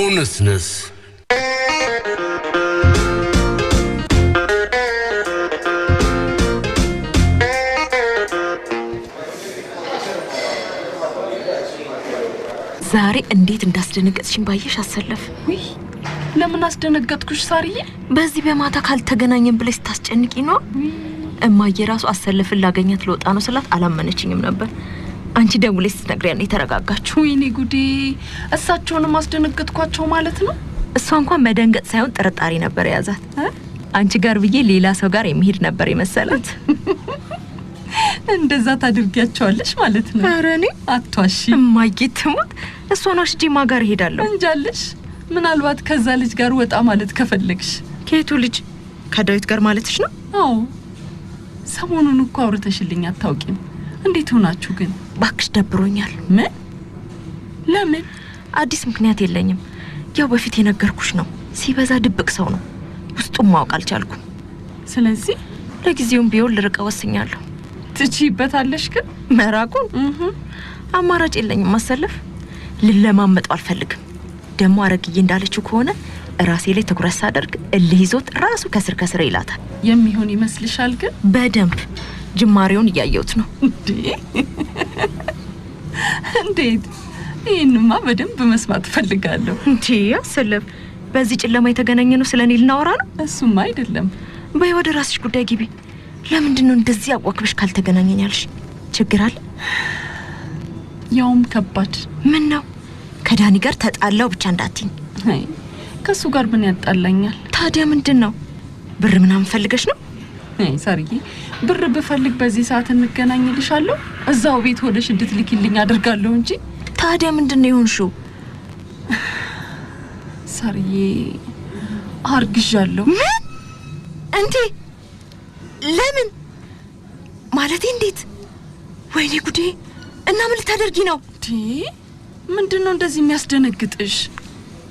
Bundesness. ዛሬ እንዴት እንዳስደነገጥሽኝ ባየሽ አሰለፍ። ለምን አስደነገጥኩሽ ሳርዬ? በዚህ በማታ ካልተገናኘን ብለሽ ስታስጨንቂ ነው። እማዬ ራሱ አሰለፍን ላገኛት ልወጣ ነው ስላት አላመነችኝም ነበር። አንቺ ደውለሽ ስትነግሪያ ነው የተረጋጋችሁ። ወይኔ ጉዴ! እሳቸውንም አስደነገጥኳቸው ማለት ነው። እሷ እንኳን መደንገጥ ሳይሆን ጥርጣሬ ነበር የያዛት። አንቺ ጋር ብዬ ሌላ ሰው ጋር የሚሄድ ነበር የመሰላት። እንደዛ ታድርጊያቸዋለሽ ማለት ነው። ኧረ እኔ አቷሺ እማዬ ትሙት እሷን አሽጂማ ጋር እሄዳለሁ እንጃለሽ። ምናልባት ከዛ ልጅ ጋር ወጣ ማለት ከፈለግሽ። ከየቱ ልጅ? ከዳዊት ጋር ማለትሽ ነው? አዎ። ሰሞኑን እኮ አውርተሽልኝ አታውቂም። እንዴት ሆናችሁ ግን? ባክሽ ደብሮኛል። ምን? ለምን? አዲስ ምክንያት የለኝም። ያው በፊት የነገርኩሽ ነው። ሲበዛ ድብቅ ሰው ነው። ውስጡን ማወቅ አልቻልኩም። ስለዚህ ለጊዜውም ቢሆን ልርቀ ወስኛለሁ። ትችይበታለሽ ግን መራቁን አማራጭ የለኝም። ማሰለፍ ልለማመጠው አልፈልግም። ደግሞ አረግዬ እንዳለችው ከሆነ ራሴ ላይ ትኩረት ሳደርግ እልህ ይዞት ራሱ ከስር ከስር ይላታል። የሚሆን ይመስልሻል? ግን በደንብ ጅማሬውን እያየሁት ነው። እንዴት? ይህንማ በደንብ መስማት እፈልጋለሁ። እንዲ አሰለም፣ በዚህ ጨለማ የተገናኘ ነው? ስለ እኔ ልናወራ ነው? እሱማ አይደለም። በይ ወደ ራስሽ ጉዳይ ግቢ። ለምንድን ነው እንደዚህ አዋክበሽ ካልተገናኘን ችግር አለ? ያውም ከባድ። ምን ነው? ከዳኒ ጋር ተጣላው ብቻ እንዳትኝ። ከእሱ ጋር ምን ያጣላኛል ታዲያ? ምንድን ነው ብር ምናምን ፈልገሽ ነው? ሰርዬ፣ ብር ብፈልግ በዚህ ሰዓት እንገናኝልሻለሁ። እዛው ቤት ሆነሽ እንድትልኪልኝ አድርጋለሁ እንጂ ታዲያ ምንድን ነው የሆንሽው? ሰርዬ አርግዣለሁ። ምን? እንዴ! ለምን ማለቴ? እንዴት? ወይኔ ጉዴ! እና ምን ልታደርጊ ነው? እንዴ! ምንድን ነው እንደዚህ የሚያስደነግጥሽ?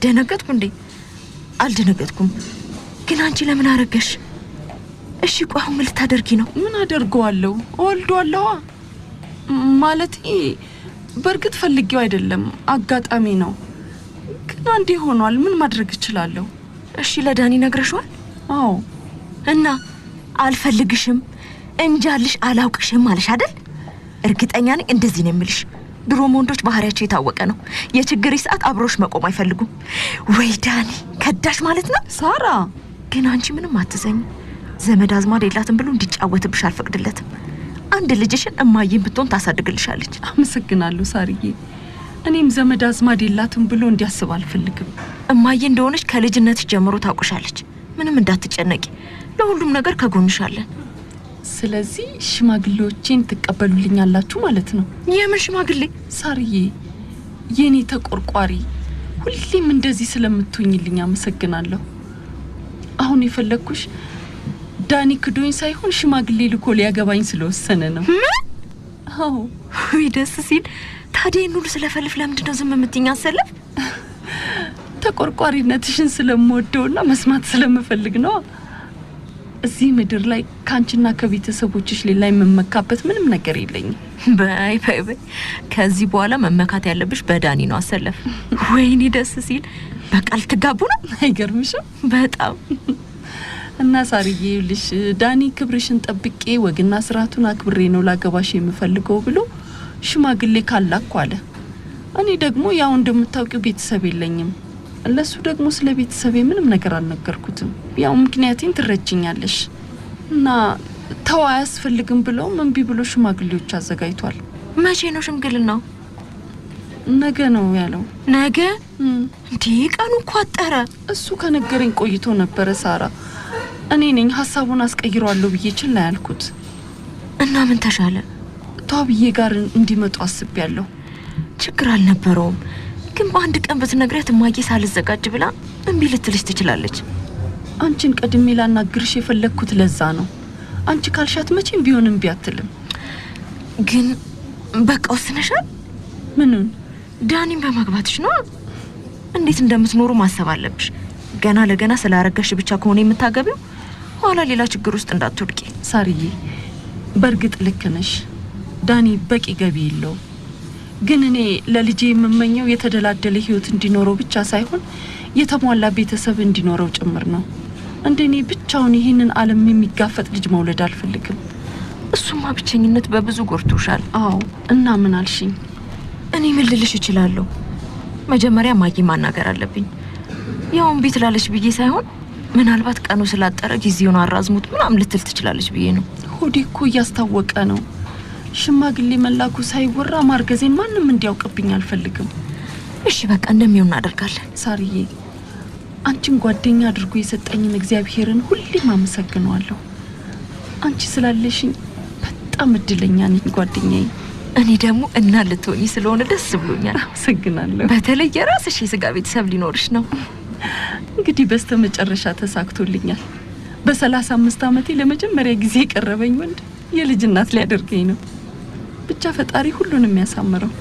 ደነገጥኩ እንዴ? አልደነገጥኩም። ግን አንቺ ለምን አረገሽ? እሺ ቆይ አሁን ምን ልታደርጊ ነው? ምን አደርገዋለሁ? እወልዷለዋ። ማለት በእርግጥ ፈልጌው አይደለም፣ አጋጣሚ ነው። ግን አንዴ ሆኗል፣ ምን ማድረግ እችላለሁ? እሺ ለዳኒ ነግረሽዋል? አዎ። እና አልፈልግሽም፣ እንጃልሽ፣ አላውቅሽም አለሽ አይደል? እርግጠኛ ነኝ እንደዚህ ነው የምልሽ። ድሮም ወንዶች ባህሪያቸው የታወቀ ነው። የችግር ሰዓት አብሮሽ መቆም አይፈልጉም። ወይ ዳኒ ከዳሽ ማለት ነው። ሳራ ግን አንቺ ምንም አትዘኝም ዘመድ አዝማድ የላትም ብሎ እንዲጫወትብሽ አልፈቅድለትም። አንድ ልጅሽን እማዬን ብትሆን ታሳድግልሻለች። አመሰግናለሁ ሳርዬ። እኔም ዘመድ አዝማድ የላትም ብሎ እንዲያስብ አልፈልግም። እማዬ እንደሆነች ከልጅነትሽ ጀምሮ ታውቁሻለች። ምንም እንዳትጨነቂ፣ ለሁሉም ነገር ከጎንሻለን። ስለዚህ ሽማግሌዎቼን ትቀበሉልኛላችሁ ማለት ነው? የምን ሽማግሌ ሳርዬ? የኔ ተቆርቋሪ፣ ሁሌም እንደዚህ ስለምትሆኝልኝ አመሰግናለሁ። አሁን የፈለግኩሽ ዳኒ ክዶኝ ሳይሆን ሽማግሌ ልኮ ሊያገባኝ ስለወሰነ ነው። አዎ ወይ ደስ ሲል። ታዲያ ይህን ስለፈልፍ ለምንድን ነው ዝም የምትኛ? አሰለፍ ተቆርቋሪነትሽን ስለምወደውና መስማት ስለምፈልግ ነው። እዚህ ምድር ላይ ከአንቺና ከቤተሰቦችሽ ሌላ የምመካበት ምንም ነገር የለኝም። በይ በይ በይ፣ ከዚህ በኋላ መመካት ያለብሽ በዳኒ ነው። አሰለፍ ወይኔ ደስ ሲል። በቃል ትጋቡ ነው? አይገርምሽም? በጣም እና ሳርዬ ይኸውልሽ ዳኒ ክብርሽን ጠብቄ ወግና ስርዓቱን አክብሬ ነው ላገባሽ የምፈልገው ብሎ ሽማግሌ ካላኩ አለ። እኔ ደግሞ ያው እንደምታውቂው ቤተሰብ የለኝም። ለሱ ደግሞ ስለ ቤተሰቤ ምንም ነገር አልነገርኩትም። ያው ምክንያቴን ትረጅኛለሽ እና ተው አያስፈልግም ብለው እምቢ ብሎ ሽማግሌዎች አዘጋጅቷል። መቼ ነው ሽምግልናው? ነገ ነው ያለው። ነገ እንዴ? ቀኑ እኮ አጠረ። እሱ ከነገረኝ ቆይቶ ነበረ ሳራ እኔ ነኝ ሀሳቡን አስቀይሯለሁ ብዬ ችላ ያልኩት። እና ምን ተሻለ? ተዋብዬ ጋር እንዲመጡ አስቤያለሁ። ችግር አልነበረውም። ግን በአንድ ቀን ብትነግሪያት እማዬ ሳልዘጋጅ ብላ እምቢ ልትልሽ ትችላለች። አንቺን ቀድሜ ላናግርሽ የፈለግኩት ለዛ ነው። አንቺ ካልሻት መቼም ቢሆን እምቢ አትልም። ግን በቃ ወስነሻል? ምኑን? ዳኒን በማግባትሽ ነው። እንዴት እንደምትኖሩ ማሰብ አለብሽ። ገና ለገና ስላረገሽ ብቻ ከሆነ የምታገቢው ኋላ ሌላ ችግር ውስጥ እንዳትወድቂ። ሳርዬ፣ በእርግጥ ልክ ነሽ። ዳኒ በቂ ገቢ የለው፣ ግን እኔ ለልጄ የምመኘው የተደላደለ ህይወት እንዲኖረው ብቻ ሳይሆን የተሟላ ቤተሰብ እንዲኖረው ጭምር ነው። እንደኔ ብቻውን ይህንን ዓለም የሚጋፈጥ ልጅ መውለድ አልፈልግም። እሱማ ብቸኝነት በብዙ ጎርቶሻል። አዎ። እና ምን አልሽኝ? እኔ ምን ልልሽ እችላለሁ? መጀመሪያ ማጌ ማናገር አለብኝ። ያውን ቤት ላለች ብዬ ሳይሆን ምናልባት ቀኑ ስላጠረ ጊዜውን አራዝሙት ምናምን ልትል ትችላለች ብዬ ነው። ሆዴ እኮ እያስታወቀ ነው። ሽማግሌ መላኩ ሳይወራ ማርገዜን ማንም እንዲያውቅብኝ አልፈልግም። እሺ በቃ እንደሚሆን እናደርጋለን። ሳርዬ አንቺን ጓደኛ አድርጎ የሰጠኝን እግዚአብሔርን ሁሌም አመሰግነዋለሁ። አንቺ ስላለሽኝ በጣም እድለኛ ነኝ ጓደኛዬ። እኔ ደግሞ እና ልትሆኝ ስለሆነ ደስ ብሎኛል። አመሰግናለሁ። በተለይ የራስሽ የስጋ ቤተሰብ ሊኖርሽ ነው። እንግዲህ በስተመጨረሻ ተሳክቶልኛል። በሰላሳ አምስት አመቴ ለመጀመሪያ ጊዜ የቀረበኝ ወንድ የልጅ እናት ሊያደርገኝ ነው። ብቻ ፈጣሪ ሁሉንም ያሳምረው።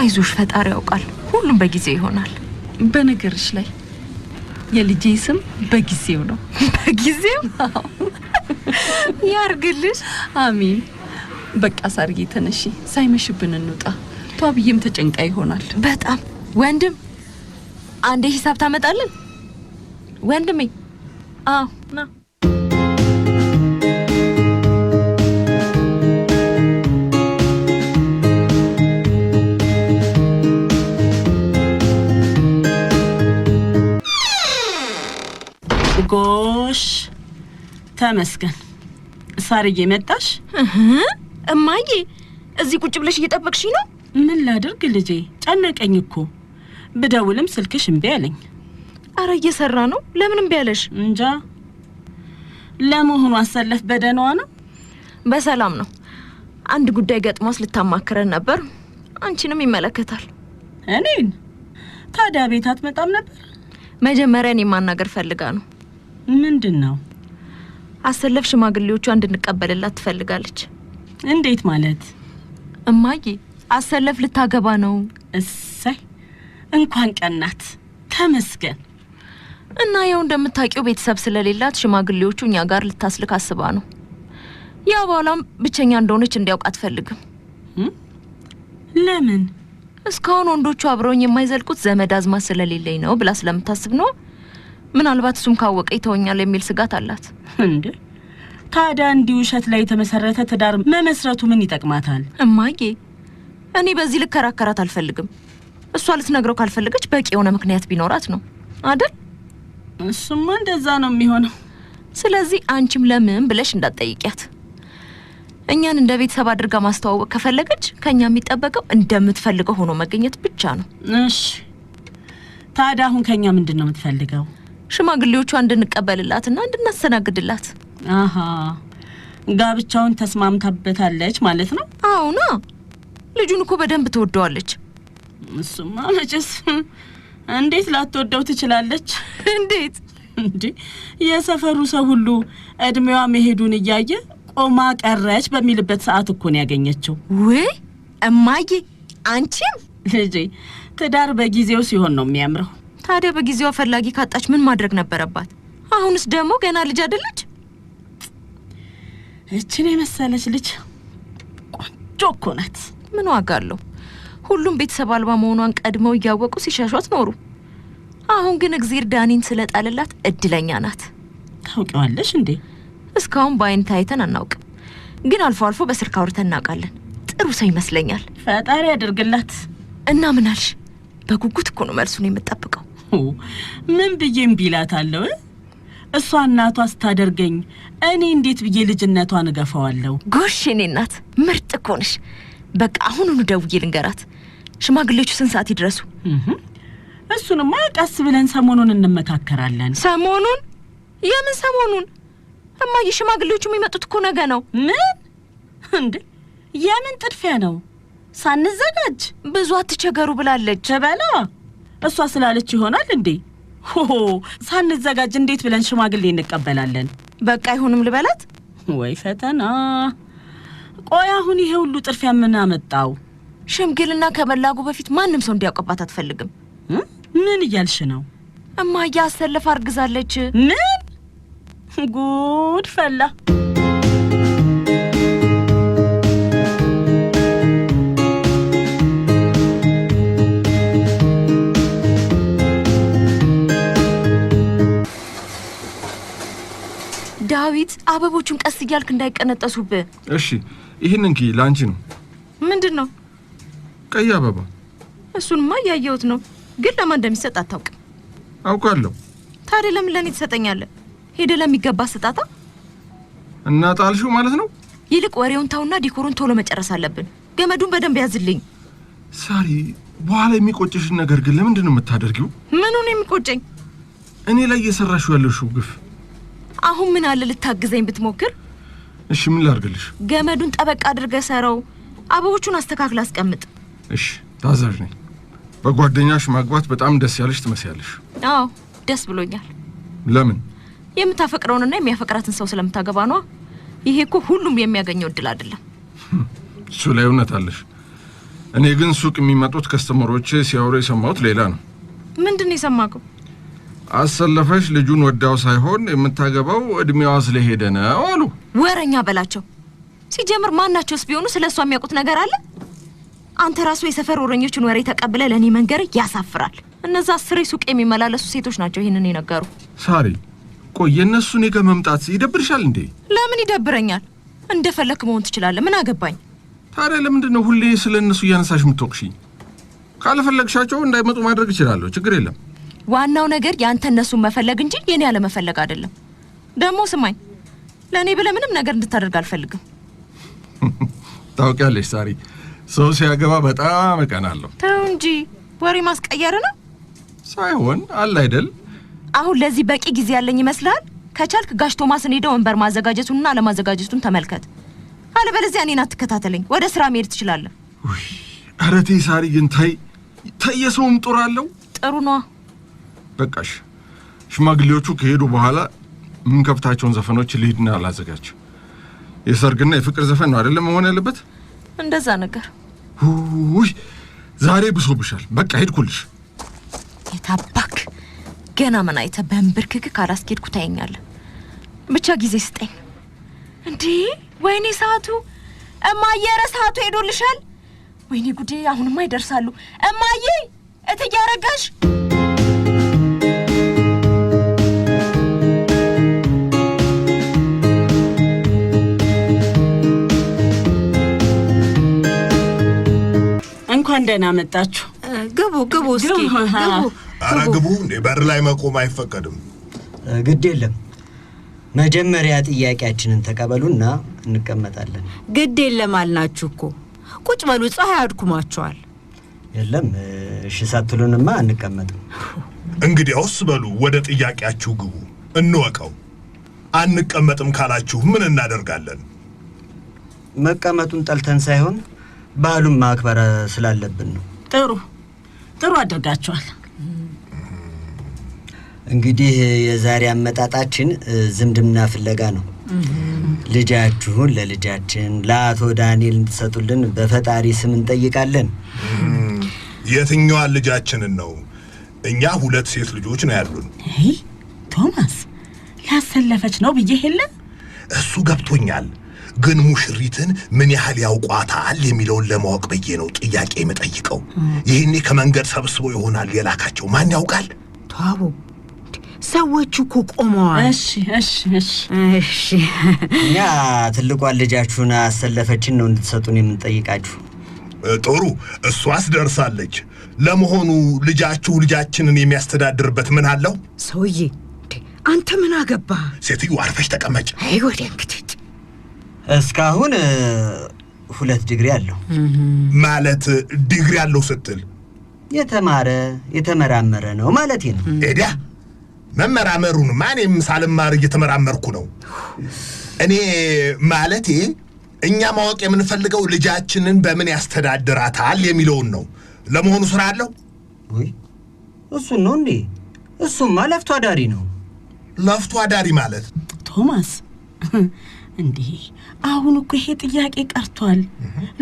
አይዞሽ፣ ፈጣሪ ያውቃል። ሁሉም በጊዜ ይሆናል። በነገርሽ ላይ የልጄ ስም በጊዜው ነው። በጊዜው ያርግልሽ። አሚን። በቃ ሳርጌ ተነሺ፣ ሳይመሽብን እንውጣ። ቷብዬም ተጨንቃ ይሆናል በጣም ወንድም አንዴ ሂሳብ ታመጣለን ወንድሜ? አዎ ና ጎሽ ተመስገን። ሳርዬ መጣሽ? እማዬ፣ እዚህ ቁጭ ብለሽ እየጠበቅሽ ነው? ምን ላድርግ ልጄ፣ ጨነቀኝ እኮ ብደውልም ስልክሽ እምቢ አለኝ። አረ እየሰራ ነው። ለምን እምቢ አለሽ? እንጃ። ለመሆኑ አሰለፍ በደህናዋ ነው? በሰላም ነው። አንድ ጉዳይ ገጥሟስ ልታማክረን ነበር። አንቺንም ይመለከታል። እኔን? ታዲያ ቤት አትመጣም ነበር? መጀመሪያ እኔን ማናገር ፈልጋ ነው። ምንድን ነው? አሰለፍ ሽማግሌዎቿ እንድንቀበልላት ትፈልጋለች። እንዴት ማለት? እማዬ አሰለፍ ልታገባ ነው። እንኳን ቀናት ተመስገን። እና ያው እንደምታውቂው ቤተሰብ ስለሌላት ሽማግሌዎቹ እኛ ጋር ልታስልክ አስባ ነው። ያ በኋላም ብቸኛ እንደሆነች እንዲያውቅ አትፈልግም። ለምን? እስካሁን ወንዶቹ አብረውኝ የማይዘልቁት ዘመድ አዝማ ስለሌለኝ ነው ብላ ስለምታስብ ነው። ምናልባት እሱም ካወቀ ይተወኛል የሚል ስጋት አላት። እንዴ ታዲያ እንዲህ ውሸት ላይ የተመሰረተ ትዳር መመስረቱ ምን ይጠቅማታል? እማዬ እኔ በዚህ ልከራከራት አልፈልግም። እሷ ልትነግረው ካልፈለገች በቂ የሆነ ምክንያት ቢኖራት ነው አይደል? እሱማ እንደዛ ነው የሚሆነው። ስለዚህ አንቺም ለምን ብለሽ እንዳትጠይቂያት። እኛን እንደ ቤተሰብ አድርጋ ማስተዋወቅ ከፈለገች ከኛ የሚጠበቀው እንደምትፈልገው ሆኖ መገኘት ብቻ ነው። እሺ ታዲያ አሁን ከኛ ምንድን ነው የምትፈልገው? ሽማግሌዎቿ እንድንቀበልላትና እንድናስተናግድላት። አሀ ጋብቻውን ተስማምታበታለች ማለት ነው? አዎና ልጁን እኮ በደንብ ትወደዋለች። እሱማ መቼስ እንዴት ላትወደው ትችላለች? እንዴት እንዴ! የሰፈሩ ሰው ሁሉ እድሜዋ መሄዱን እያየ ቆማ ቀረች በሚልበት ሰዓት እኮ ነው ያገኘችው። ወይ እማዬ፣ አንቺም ልጄ፣ ትዳር በጊዜው ሲሆን ነው የሚያምረው። ታዲያ በጊዜዋ ፈላጊ ካጣች ምን ማድረግ ነበረባት? አሁንስ ደግሞ ገና ልጅ አይደለች? እችን የመሰለች ልጅ ቆንጆ እኮ ናት። ምን ዋጋ አለው? ሁሉም ቤተሰብ አልባ መሆኗን ቀድመው እያወቁ ሲሻሿት ኖሩ። አሁን ግን እግዜር ዳኒን ስለጣለላት እድለኛ ናት። ታውቂዋለሽ እንዴ? እስካሁን በአይን ታይተን አናውቅም፣ ግን አልፎ አልፎ በስልክ አውርተን እናውቃለን። ጥሩ ሰው ይመስለኛል። ፈጣሪ ያደርግላት እና ምን አልሽ? በጉጉት እኮ ነው መልሱን የምጠብቀው። ምን ብዬም ቢላት አለው እሷ እናቷ ስታደርገኝ እኔ እንዴት ብዬ ልጅነቷን እገፋዋለሁ? ጎሽ፣ እኔ እናት ምርጥ እኮ ነሽ። በቃ አሁኑኑ ደውዬ ልንገራት። ሽማግሌዎቹ ስንት ሰዓት ይድረሱ? እሱንማ ቀስ ብለን ሰሞኑን እንመካከራለን። ሰሞኑን? የምን ሰሞኑን? እማዬ ሽማግሌዎቹ የሚመጡት እኮ ነገ ነው። ምን እንዴ? የምን ጥድፊያ ነው? ሳንዘጋጅ ብዙ አትቸገሩ ብላለች። በላ እሷ ስላለች ይሆናል እንዴ? ሆ ሳንዘጋጅ እንዴት ብለን ሽማግሌ እንቀበላለን? በቃ አይሆንም ልበላት ወይ? ፈተና ቆይ፣ አሁን ይሄ ሁሉ ጥድፊያ ምን አመጣው? ሽምግልና ከመላጉ በፊት ማንም ሰው እንዲያውቅባት አትፈልግም። ምን እያልሽ ነው? እማዬ አሰልፍ አርግዛለች። ምን ጉድ ፈላ! ዳዊት አበቦቹን ቀስ እያልክ እንዳይቀነጠሱብህ። እሺ፣ ይህን ኪ ለአንቺ ነው። ምንድን ነው ቀይ አበባ። እሱንማ እያየሁት ነው፣ ግን ለማን እንደሚሰጥ አታውቅም። አውቃለሁ። ታዲያ ለምን ለእኔ ትሰጠኛለህ? ሄደ ለሚገባ ስጣታ። እና ጣልሽው ማለት ነው? ይልቅ ወሬውን ታውና ዲኮሩን ቶሎ መጨረስ አለብን። ገመዱን በደንብ ያዝልኝ ሳሪ። በኋላ የሚቆጭሽን ነገር ግን ለምንድን ነው የምታደርጊው? ምኑን የሚቆጨኝ? እኔ ላይ እየሰራሽው ያለሽው ግፍ። አሁን ምን አለ ልታግዘኝ ብትሞክር? እሺ ምን ላርግልሽ? ገመዱን ጠበቅ አድርገህ ሰረው፣ አበቦቹን አስተካክል፣ አስቀምጥ። እሺ ታዛዥ ነኝ። በጓደኛሽ ማግባት በጣም ደስ ያለሽ ትመስያለሽ። አዎ ደስ ብሎኛል። ለምን? የምታፈቅረውንና የሚያፈቅራትን ሰው ስለምታገባ ነዋ። ይሄ እኮ ሁሉም የሚያገኘው እድል አይደለም። እሱ ላይ እውነት አለሽ። እኔ ግን ሱቅ የሚመጡት ከስተመሮቼ ሲያወሩ የሰማሁት ሌላ ነው። ምንድን ነው የሰማኸው? አሰለፈሽ ልጁን ወዳው ሳይሆን የምታገባው እድሜዋ ስለሄደ ነው አሉ። ወረኛ በላቸው። ሲጀምር ማናቸውስ ቢሆኑ ስለ እሷ የሚያውቁት ነገር አለ? አንተ ራሱ የሰፈር ወረኞችን ወሬ ተቀብለ ለእኔ መንገር ያሳፍራል። እነዛ አስሬ ሱቅ የሚመላለሱ ሴቶች ናቸው ይህንን የነገሩ። ሳሪ ቆይ የእነሱ እኔ ጋር መምጣት ይደብርሻል እንዴ? ለምን ይደብረኛል? እንደፈለክ መሆን ትችላለ፣ ምን አገባኝ ታዲያ። ለምንድን ነው ሁሌ ስለ እነሱ እያነሳሽ የምትወቅሽኝ? ካልፈለግሻቸው እንዳይመጡ ማድረግ እችላለሁ። ችግር የለም። ዋናው ነገር የአንተ እነሱን መፈለግ እንጂ የኔ አለመፈለግ አይደለም። ደግሞ ስማኝ፣ ለእኔ ብለህ ምንም ነገር እንድታደርግ አልፈልግም። ታውቂያለሽ ሳሪ ሰው ሲያገባ በጣም እቀናለሁ። ተው እንጂ ወሬ ማስቀየር ነው ሳይሆን አለ አይደል። አሁን ለዚህ በቂ ጊዜ ያለኝ ይመስላል። ከቻልክ ጋሽ ቶማስን ሄደህ ወንበር ማዘጋጀቱንና አለማዘጋጀቱን ተመልከት። አለበለዚያ እኔን አትከታተለኝ፣ ወደ ስራ መሄድ ትችላለህ። ኧረ ተይ ሳሪ፣ ግን ተይ ተይ። የሰውም ጡር አለው። ጥሩ ነዋ። በቃሽ። ሽማግሌዎቹ ከሄዱ በኋላ ከፍታቸውን ዘፈኖች ልሂድና ላዘጋጅ። የሰርግና የፍቅር ዘፈን ነው አይደለም መሆን ያለበት? እንደዛ ነገር ውይ ዛሬ ብሶብሻል። በቃ ሄድኩልሽ። የታባክ ገና ምን አይተህ በእንብርክክ ካላስኬድኩ ታኛለ። ብቻ ጊዜ ስጠኝ። እንዴ ወይኔ ሰዓቱ እማየረ ሰዓቱ ሄዶልሻል። ወይኔ ጉዴ! አሁንማ ይደርሳሉ። እማዬ እትያረጋሽ እንኳን ደህና መጣችሁ። ግቡ ግቡ፣ እስኪ ግቡ። ኧረ ግቡ እንዴ! በር ላይ መቆም አይፈቀድም። ግድ የለም መጀመሪያ ጥያቄያችንን ተቀበሉና እንቀመጣለን። ግድ የለም አልናችሁ እኮ። ቁጭ በሉ፣ ፀሐይ አድኩማችኋል። የለም እሺ ሳትሉንማ አንቀመጥም። እንግዲያውስ በሉ ወደ ጥያቄያችሁ ግቡ፣ እንወቀው። አንቀመጥም ካላችሁ ምን እናደርጋለን? መቀመጡን ጠልተን ሳይሆን በዓሉን ማክበር ስላለብን ነው። ጥሩ ጥሩ አድርጋችኋል። እንግዲህ የዛሬ አመጣጣችን ዝምድና ፍለጋ ነው። ልጃችሁን ለልጃችን ለአቶ ዳንኤል እንድትሰጡልን በፈጣሪ ስም እንጠይቃለን። የትኛዋን ልጃችንን ነው? እኛ ሁለት ሴት ልጆች ነው ያሉን። ቶማስ ላሰለፈች ነው ብዬ የለ እሱ ገብቶኛል። ግን ሙሽሪትን ምን ያህል ያውቋታል የሚለውን ለማወቅ ብዬ ነው ጥያቄ የምጠይቀው። ይህኔ ከመንገድ ሰብስቦ ይሆናል የላካቸው። ማን ያውቃል? ተዋቡ፣ ሰዎቹ እኮ ቆመዋል። እሺ፣ እሺ፣ እሺ። እኛ ትልቋን ልጃችሁን አሰለፈችን ነው እንድትሰጡን የምንጠይቃችሁ። ጥሩ፣ እሷስ ደርሳለች። ለመሆኑ ልጃችሁ ልጃችንን የሚያስተዳድርበት ምን አለው? ሰውዬ፣ አንተ ምን አገባ? ሴትዮ፣ አርፈሽ ተቀመጭ። አይ ወደ እንግዲህ እስካሁን ሁለት ዲግሪ አለው። ማለት ዲግሪ አለው ስትል የተማረ የተመራመረ ነው ማለት ነው። ኤዲያ መመራመሩን ማን ሳልማር እየተመራመርኩ ነው። እኔ ማለቴ እኛ ማወቅ የምንፈልገው ልጃችንን በምን ያስተዳድራታል የሚለውን ነው። ለመሆኑ ስራ አለው ወይ? እሱ ነው እንዴ? እሱማ ለፍቶ አዳሪ ነው። ለፍቶ አዳሪ ማለት ቶማስ እንዲህ አሁን እኮ ይሄ ጥያቄ ቀርቷል።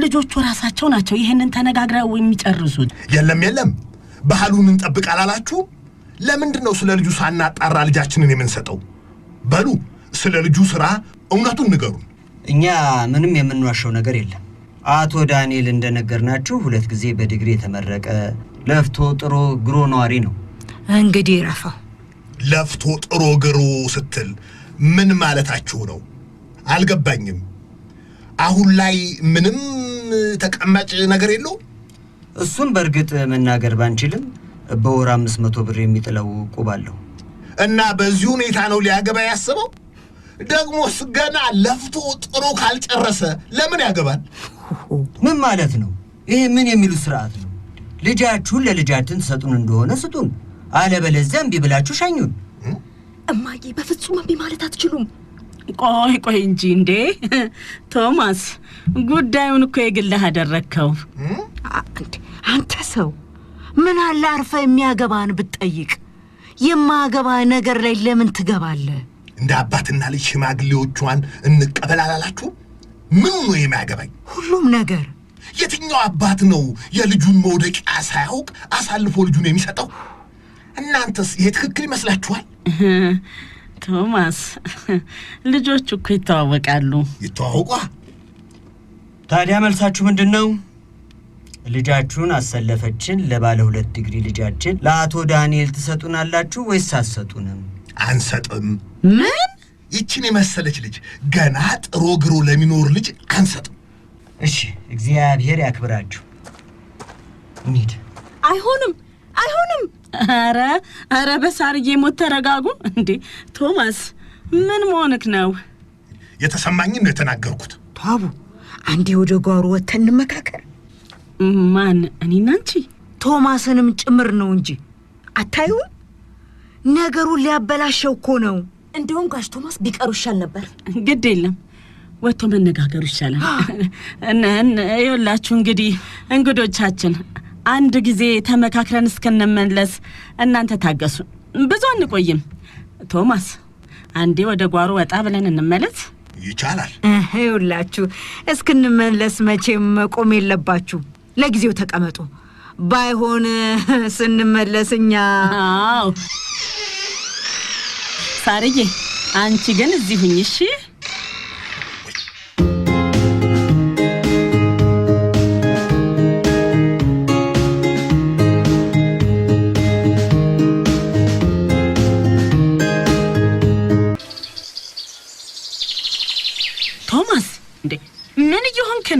ልጆቹ ራሳቸው ናቸው ይሄንን ተነጋግረው የሚጨርሱት። የለም የለም፣ ባህሉን እንጠብቅ አላላችሁ? ለምንድን ነው ስለ ልጁ ሳናጣራ ልጃችንን የምንሰጠው? በሉ ስለ ልጁ ስራ እውነቱን ንገሩን። እኛ ምንም የምንዋሸው ነገር የለም። አቶ ዳንኤል እንደነገርናችሁ ሁለት ጊዜ በዲግሪ የተመረቀ ለፍቶ ጥሮ ግሮ ነዋሪ ነው። እንግዲህ ረፋው ለፍቶ ጥሮ ግሮ ስትል ምን ማለታችሁ ነው? አልገባኝም። አሁን ላይ ምንም ተቀማጭ ነገር የለው። እሱን በእርግጥ መናገር ባንችልም በወር አምስት መቶ ብር የሚጥለው ቁብ አለው እና በዚህ ሁኔታ ነው ሊያገባ ያስበው። ደግሞስ ገና ለፍቶ ጥሮ ካልጨረሰ ለምን ያገባል? ምን ማለት ነው? ይሄ ምን የሚሉ ስርዓት ነው? ልጃችሁን ለልጃችን ትሰጡን እንደሆነ ስጡን፣ አለበለዚያ እምቢ ብላችሁ ሻኙን። እማዬ፣ በፍጹም እምቢ ማለት አትችሉም። ቆይ ቆይ እንጂ እንዴ ቶማስ፣ ጉዳዩን እኮ የግልህ አደረግከው። አንተ ሰው ምን አለ አርፈ የሚያገባን ብትጠይቅ፣ የማገባ ነገር ላይ ለምን ትገባለህ? እንደ አባትና ልጅ ሽማግሌዎቿን እንቀበላላላችሁ። ምን ነው የሚያገባኝ? ሁሉም ነገር የትኛው አባት ነው የልጁን መውደቂያ ሳያውቅ አሳልፎ ልጁን የሚሰጠው? እናንተስ ይሄ ትክክል ይመስላችኋል? ቶማስ ልጆቹ እኮ ይተዋወቃሉ። ይተዋወቋ። ታዲያ መልሳችሁ ምንድን ነው? ልጃችሁን አሰለፈችን ለባለ ሁለት ዲግሪ ልጃችን ለአቶ ዳንኤል ትሰጡናላችሁ ወይስ አትሰጡንም? አንሰጥም። ምን? ይችን የመሰለች ልጅ ገና ጥሮ ግሮ ለሚኖር ልጅ አንሰጥም። እሺ፣ እግዚአብሔር ያክብራችሁ። እንሂድ። አይሆንም፣ አይሆንም አረ አረ በሳርዬ ሞት ተረጋጉ እንዴ! ቶማስ ምን መሆንክ ነው? የተሰማኝን ነው የተናገርኩት። ተዋቡ አንዴ ወደ ጓሮ ወጥተን እንመካከር። ማን? እኔና አንቺ? ቶማስንም ጭምር ነው እንጂ አታዩም? ነገሩን ሊያበላሸው እኮ ነው። እንደውም ጋሽ ቶማስ ቢቀሩ ይሻል ነበር። ግድ የለም ወጥቶ መነጋገሩ ይሻላል። ይኸውላችሁ እንግዲህ እንግዶቻችን አንድ ጊዜ ተመካክረን እስክንመለስ እናንተ ታገሱን። ብዙ አንቆይም። ቶማስ አንዴ ወደ ጓሮ ወጣ ብለን እንመለስ። ይቻላል። ይውላችሁ እስክንመለስ መቼም መቆም የለባችሁ። ለጊዜው ተቀመጡ። ባይሆን ስንመለስ እኛ ሳርዬ፣ አንቺ ግን እዚህ ሁኚ እሺ።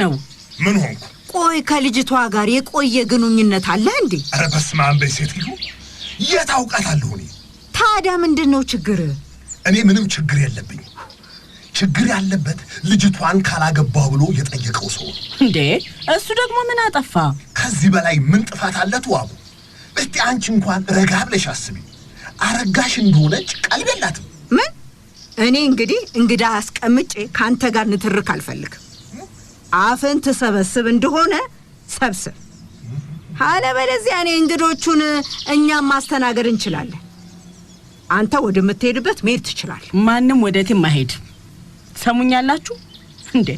ነው? ምን ሆንኩ? ቆይ ከልጅቷ ጋር የቆየ ግንኙነት አለ እንዴ? ኧረ በስመ አብ! በይ ሴትዮ የት አውቃታለሁ እኔ። ታዲያ ምንድን ነው ችግር? እኔ ምንም ችግር የለብኝም። ችግር ያለበት ልጅቷን ካላገባ ብሎ የጠየቀው ሰው እንዴ እሱ ደግሞ ምን አጠፋ? ከዚህ በላይ ምን ጥፋት አለ? ተዋቡ፣ እስቲ አንቺ እንኳን ረጋ ብለሽ አስቢ። አረጋሽ እንደሆነች ቀልብ የላትም። ምን እኔ እንግዲህ እንግዳ አስቀምጬ ከአንተ ጋር ንትርክ አልፈልግም። አፍን ትሰበስብ እንደሆነ ሰብስብ፣ አለበለዚያ እኔ እንግዶቹን እኛም ማስተናገድ እንችላለን። አንተ ወደምትሄድበት መሄድ ትችላለህ። ማንም ወደት ማሄድ ሰሙኛላችሁ እንዴ?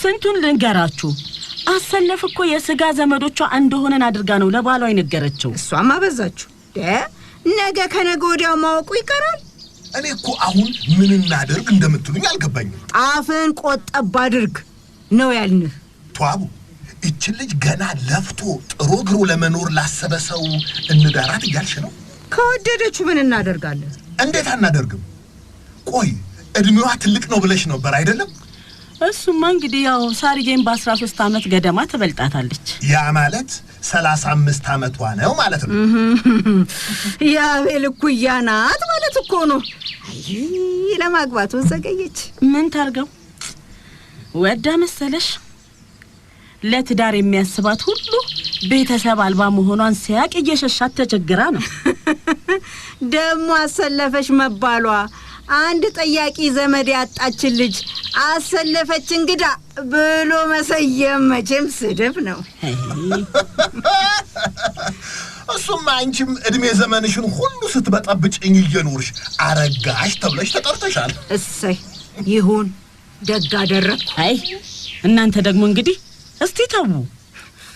ስንቱን ልንገራችሁ። አሰለፍ እኮ የስጋ ዘመዶቿ እንደሆነን አድርጋ ነው ለባሏ የነገረችው። እሷም አበዛችሁ። ነገ ከነገ ወዲያው ማወቁ ይቀራል። እኔ እኮ አሁን ምን እናደርግ እንደምትሉኝ አልገባኝም። ጣፍን ቆጠብ አድርግ። ነው ያልንህ። ተዋቡ ይችን ልጅ ገና ለፍቶ ጥሩ እግሩ ለመኖር ላሰበ ሰው እንዳራት እያልሽ ነው? ከወደደችው ምን እናደርጋለን? እንዴት አናደርግም? ቆይ እድሜዋ ትልቅ ነው ብለሽ ነበር አይደለም? እሱማ እንግዲህ ያው ሳርዬን በአስራ ሶስት አመት ገደማ ትበልጣታለች። ያ ማለት ሰላሳ አምስት አመቷ ነው ማለት ነው። የአቤል እኩያ ናት ማለት እኮ ነው። ለማግባቱ ዘገየች። ምን ታርገው ወዳ መሰለሽ ለትዳር የሚያስባት ሁሉ ቤተሰብ አልባ መሆኗን ሲያቅ እየሸሻት ተቸግራ ነው። ደግሞ አሰለፈች መባሏ አንድ ጠያቂ ዘመድ ያጣችን ልጅ አሰለፈች እንግዳ ብሎ መሰየም መቼም ስድብ ነው። እሱማ አንቺም እድሜ ዘመንሽን ሁሉ ስትበጠብጭኝ እየኖርሽ አረጋሽ ተብለሽ ተጠርተሻል። እሰይ ይሁን ደግ አደረግኩ። አይ እናንተ ደግሞ እንግዲህ እስቲ ተዉ።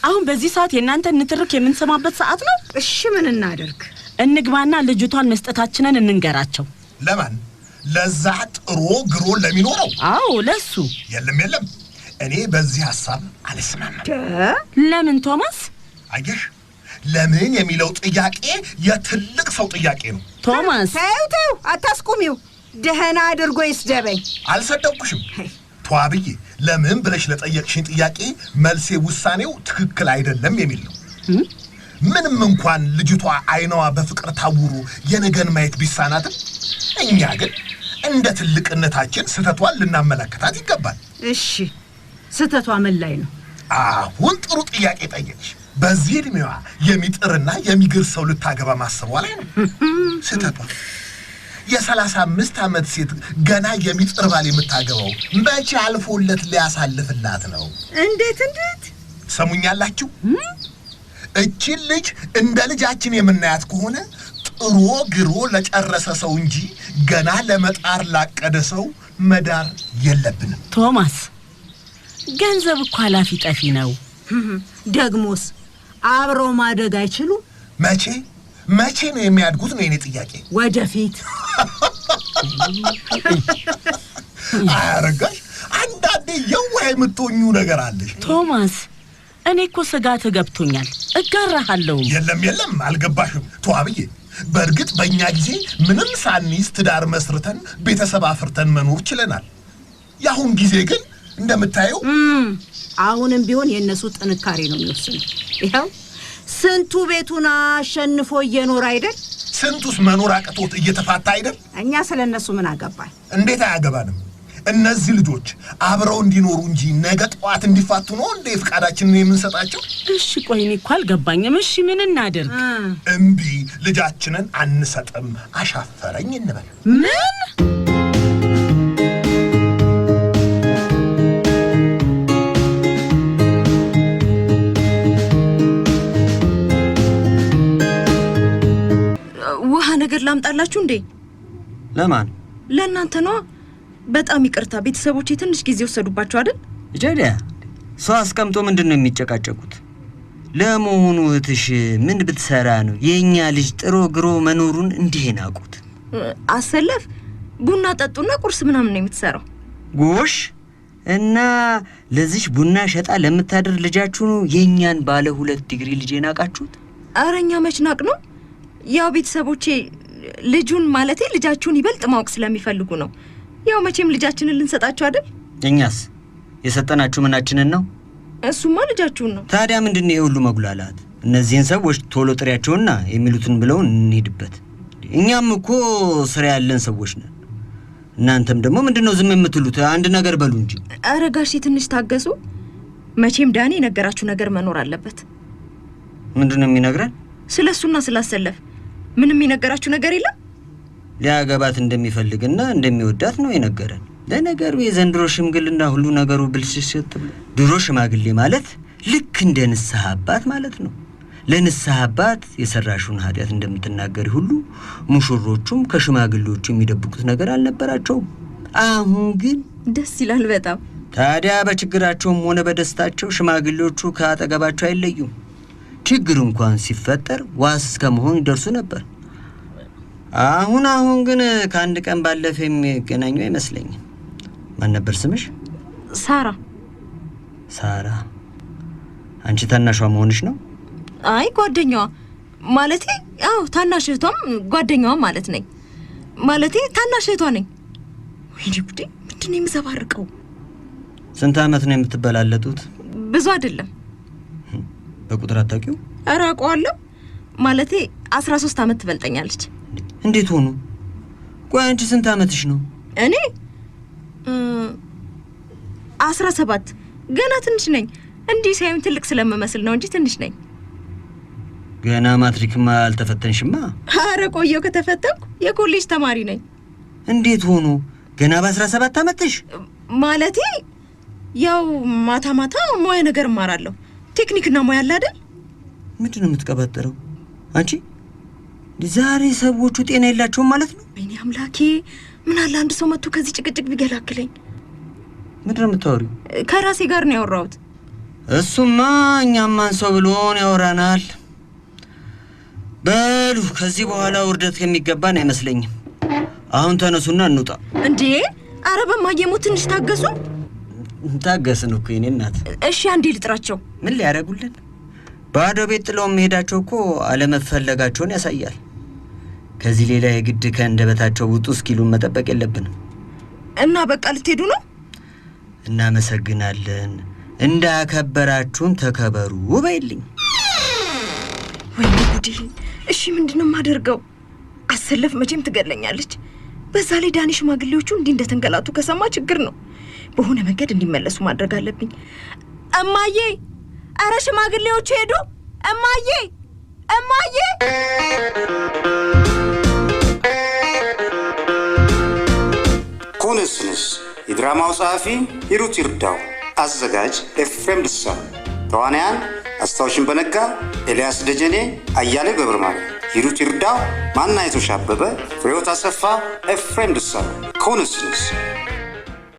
አሁን በዚህ ሰዓት የእናንተ ንትርክ የምንሰማበት ሰዓት ነው። እሺ ምን እናደርግ? እንግባና ልጅቷን መስጠታችንን እንንገራቸው። ለማን? ለዛ ጥሮ ግሮ ለሚኖረው? አዎ ለሱ። የለም የለም፣ እኔ በዚህ ሀሳብ አልስማማም። ለምን ቶማስ? አየሽ ለምን የሚለው ጥያቄ የትልቅ ሰው ጥያቄ ነው ቶማስ። ተው ተው፣ አታስቁሚው ደህና አድርጎ ይስደበኝ። አልሰደብኩሽም ተዋብዬ። ለምን ብለሽ ለጠየቅሽኝ ጥያቄ መልሴ ውሳኔው ትክክል አይደለም የሚል ነው። ምንም እንኳን ልጅቷ አይነዋ በፍቅር ታውሮ የነገን ማየት ቢሳናትም እኛ ግን እንደ ትልቅነታችን ስህተቷን ልናመለከታት ይገባል። እሺ ስህተቷ ምን ላይ ነው? አሁን ጥሩ ጥያቄ ጠየቅሽ። በዚህ ዕድሜዋ የሚጥርና የሚግር ሰው ልታገባ ማሰቧ ላይ ነው ስህተቷ። የሰላሳ አምስት ዓመት ሴት ገና የሚጥር ባል የምታገባው መቼ አልፎለት ሊያሳልፍላት ነው? እንዴት እንዴት ሰሙኛላችሁ? እችን ልጅ እንደ ልጃችን የምናያት ከሆነ ጥሮ ግሮ ለጨረሰ ሰው እንጂ ገና ለመጣር ላቀደ ሰው መዳር የለብንም። ቶማስ፣ ገንዘብ እኮ ኃላፊ ጠፊ ነው። ደግሞስ አብረው ማደግ አይችሉም። መቼ መቼ ነው የሚያድጉት ነው የኔ ጥያቄ። ወደፊት አያረጋሽ አንዳንዴ የዋ የምትኙ ነገር አለሽ ቶማስ። እኔ እኮ ስጋት ገብቶኛል። እጋራሃለሁ። የለም የለም፣ አልገባሽም ተዋብዬ። በእርግጥ በእኛ ጊዜ ምንም ሳኒስ ትዳር መስርተን ቤተሰብ አፍርተን መኖር ችለናል። የአሁን ጊዜ ግን እንደምታየው አሁንም ቢሆን የእነሱ ጥንካሬ ነው የሚወስነው። ይኸው ስንቱ ቤቱን አሸንፎ እየኖረ አይደል? ስንቱስ መኖር አቅቶት እየተፋታ አይደል? እኛ ስለ እነሱ ምን አገባል? እንዴት አያገባንም? እነዚህ ልጆች አብረው እንዲኖሩ እንጂ ነገ ጠዋት እንዲፋቱ ነው እንደ ፍቃዳችንን የምንሰጣቸው? እሺ ቆይ እኔ እኮ አልገባኝም። እሺ ምን እናደርግ? እምቢ ልጃችንን አንሰጥም አሻፈረኝ እንበል ምን ታምጣላችሁ እንዴ? ለማን? ለእናንተ ነዋ። በጣም ይቅርታ ቤተሰቦች ትንሽ ጊዜ ወሰዱባቸው አይደል? ጀዲያ ሰው አስቀምጦ ምንድን ነው የሚጨቃጨቁት? ለመሆኑ እህትሽ ምን ብትሰራ ነው የእኛ ልጅ ጥሮ ግሮ መኖሩን እንዲህ ናቁት? አሰለፍ ቡና ጠጡና ቁርስ ምናምን ነው የምትሰራው። ጎሽ እና ለዚች ቡና ሸጣ ለምታደር ልጃችሁ ነው የእኛን ባለ ሁለት ዲግሪ ልጅ የናቃችሁት? አረኛ መች ናቅ ነው ያው ቤተሰቦቼ ልጁን ማለቴ ልጃችሁን ይበልጥ ማወቅ ስለሚፈልጉ ነው። ያው መቼም ልጃችንን ልንሰጣችሁ አይደል? እኛስ የሰጠናችሁ ምናችንን ነው? እሱማ ልጃችሁን ነው። ታዲያ ምንድን ነው የሁሉ መጉላላት? እነዚህን ሰዎች ቶሎ ጥሪያቸውና የሚሉትን ብለው እንሄድበት። እኛም እኮ ስራ ያለን ሰዎች ነን። እናንተም ደግሞ ምንድን ነው ዝም የምትሉት? አንድ ነገር በሉ እንጂ። ኧረ ጋሼ ትንሽ ታገሱ። መቼም ዳኔ የነገራችሁ ነገር መኖር አለበት። ምንድን ነው የሚነግረን? ስለ እሱና ስላሰለፍ ምንም የነገራችሁ ነገር የለም? ሊያገባት እንደሚፈልግና እንደሚወዳት ነው የነገረን። ለነገሩ የዘንድሮ ሽምግልና ሁሉ ነገሩ ብልሽሽት ብሎ ድሮ ሽማግሌ ማለት ልክ እንደ ንስሐ አባት ማለት ነው። ለንስሐ አባት የሰራሽውን ኃጢአት እንደምትናገሪ ሁሉ ሙሽሮቹም ከሽማግሌዎቹ የሚደብቁት ነገር አልነበራቸውም። አሁን ግን ደስ ይላል በጣም። ታዲያ በችግራቸውም ሆነ በደስታቸው ሽማግሌዎቹ ከአጠገባቸው አይለዩም። ችግር እንኳን ሲፈጠር ዋስ እስከ መሆን ይደርሱ ነበር። አሁን አሁን ግን ከአንድ ቀን ባለፈ የሚገናኙ አይመስለኝም። ማን ነበር ስምሽ? ሳራ። ሳራ አንቺ ታናሿ መሆንሽ ነው? አይ ጓደኛዋ ማለቴ፣ አዎ ታናሽ እህቷም ጓደኛዋ ማለት ነኝ። ማለቴ ታናሽ እህቷ ነኝ። ወይኔ ጉዴ! ምንድን ነው ስንት አመት ነው የምትበላለጡት? ብዙ አይደለም በቁጥር አታውቂው? ኧረ አውቀዋለሁ። ማለቴ አስራ ሶስት አመት ትበልጠኛለች። እንዴት ሆኑ? ቆይ አንቺ ስንት አመትሽ ነው? እኔ አስራ ሰባት ገና ትንሽ ነኝ። እንዲህ ሳይም ትልቅ ስለምመስል ነው እንጂ ትንሽ ነኝ። ገና ማትሪክማ አልተፈተንሽማ? አረ ቆየው ከተፈተንኩ የኮሌጅ ተማሪ ነኝ። እንዴት ሆኖ ገና በአስራ ሰባት አመትሽ? ማለቴ ያው ማታ ማታ ሙያ ነገር እማራለሁ ቴክኒክና ሙያ አለ አይደል? ምንድን ነው የምትቀባጠረው አንቺ? ዛሬ ሰዎቹ ጤና የላቸውም ማለት ነው። ወይኔ አምላኬ፣ ምን አለ አንድ ሰው መጥቶ ከዚህ ጭቅጭቅ ቢገላግለኝ። ምንድን ነው የምታወሪው? ከራሴ ጋር ነው ያወራሁት። እሱማ እኛም ማን ሰው ብሎን ያወራናል። በሉ ከዚህ በኋላ ውርደት የሚገባን አይመስለኝም። አሁን ተነሱና እንውጣ። እንዴ! አረ በማየሙ ትንሽ ታገሱ። ታገስን እኮ የኔ እናት። እሺ አንዴ ልጥራቸው። ምን ሊያደርጉልን? ባዶ ቤት ጥለው መሄዳቸው እኮ አለመፈለጋቸውን ያሳያል። ከዚህ ሌላ የግድ ከእንደበታቸው ውጡ እስኪሉን መጠበቅ የለብንም። እና በቃ ልትሄዱ ነው? እናመሰግናለን። እንዳከበራችሁን ተከበሩ በይልኝ። ወይ ጉዲ! እሺ ምንድን ነው የማደርገው? አሰለፍ መቼም ትገለኛለች። በዛ ላይ ዳኒ ሽማግሌዎቹ እንዲህ እንደተንገላቱ ከሰማ ችግር ነው። በሆነ መንገድ እንዲመለሱ ማድረግ አለብኝ። እማዬ! አረ ሽማግሌዎቹ ሄዱ። እማዬ! እማዬ! ኩንስንስ የድራማው ጸሐፊ ሂሩት ይርዳው፣ አዘጋጅ ኤፍሬም ልሳኑ፣ ተዋናያን አስታውሽን በነጋ፣ ኤልያስ ደጀኔ፣ አያሌ ገብረማርያም፣ ሂሩት ይርዳው፣ ማናየቶሽ አበበ፣ ፍሬሕይወት አሰፋ፣ ኤፍሬም ልሳኑ። ኩንስንስ